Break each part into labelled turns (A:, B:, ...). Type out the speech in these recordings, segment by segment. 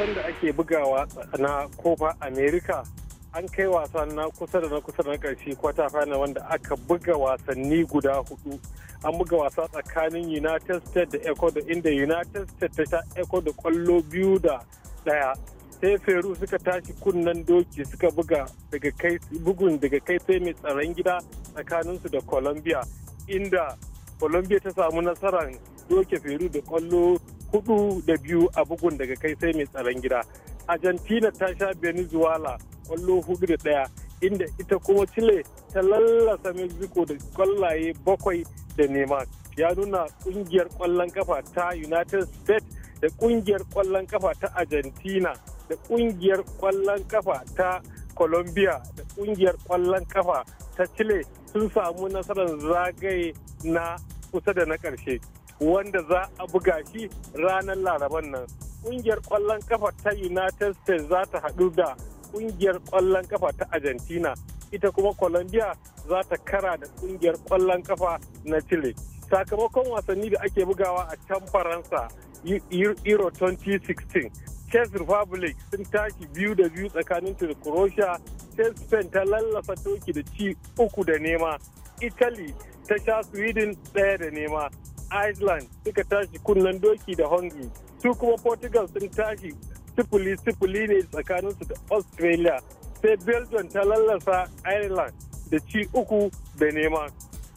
A: wasan da ake bugawa na kofa america an kai wasa na kusa da na kusa da na karshe kwata final wanda aka buga wasanni guda hudu an buga wasa tsakanin united states da ecuador inda united states ta sha ecuador kwallo biyu da daya sai feru suka tashi kunnen doki suka buga daga kai bugun daga kai sai mai tsaron gida tsakaninsu da colombia inda colombia ta samu nasarar doke feru da kwallo hudu da biyu a bugun daga kai sai mai tsaron gida argentina ta sha venezuela kwallo hudu da daya inda ita kuma chile ta lallasa mexico da kwallaye bakwai da nema ya nuna kungiyar kwallon kafa ta united states da kungiyar kwallon kafa ta argentina da kungiyar kwallon kafa ta colombia da kungiyar kwallon kafa ta chile sun samu nasarar zagaye na kusa da na ƙarshe wanda za a buga shi ranar laraban nan ƙungiyar ƙwallon kafa ta united states za ta haɗu da ƙungiyar ƙwallon kafa ta argentina ita kuma colombia za ta kara da ƙungiyar ƙwallon kafa na chile sakamakon wasanni da ake bugawa a can faransa euro 2016 chess Republic sun tashi biyu da biyu tsakanin da Croatia, Spain ta lallasa toki da ci uku da nema. Italy ta sha sweden ɗaya da nema iceland suka tashi kunnen doki da hungary su kuma portugal sun tashi sifili sifili ne tsakaninsu da australia sai belgium ta lallasa ireland da ci uku da nema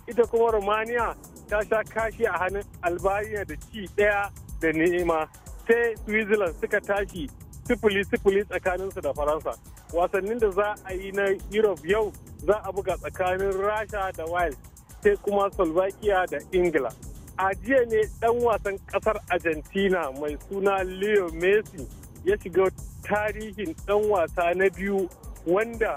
A: ita kuma romania ta sha kashi a hannun albania da ci ɗaya da nema sai switzerland suka tashi sifili sifili tsakaninsu da faransa wasannin da za a yi na europe yau za a buga tsakanin rasha da wales sai kuma Slovakia da Ingila. A jiya ne ɗan wasan ƙasar Argentina mai suna Leo Messi ya shiga tarihin ɗan wasa na biyu wanda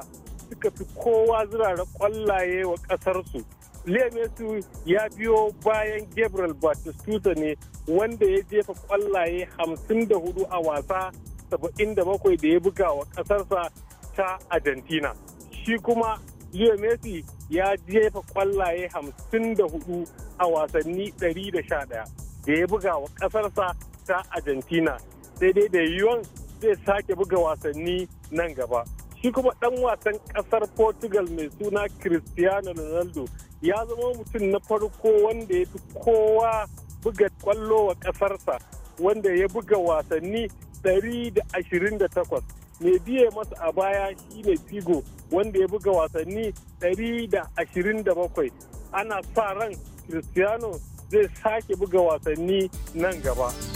A: suka fi kowa zurara kwallaye wa ƙasarsu. Leo Messi ya biyo bayan Gabriel Batistuta ne wanda ya jefa kwallaye 54 a wasa 77 da ya buga wa ƙasarsa ta Argentina. Shi kuma Leo Messi ya jefa kwallaye hamsin da hudu a wasanni ɗari da sha ɗaya da ya buga wa ƙasarsa ta Argentina sai dai da yiwuwan zai sake buga wasanni nan gaba. Shi kuma ɗan wasan ƙasar Portugal mai suna Cristiano Ronaldo ya zama mutum na farko wanda ya fi kowa buga kwallo wa ƙasarsa wanda ya buga wasanni 128 mai biye masa a baya shine figo wanda ya buga wasanni 127 ana sa ran cristiano zai sake buga wasanni nan gaba.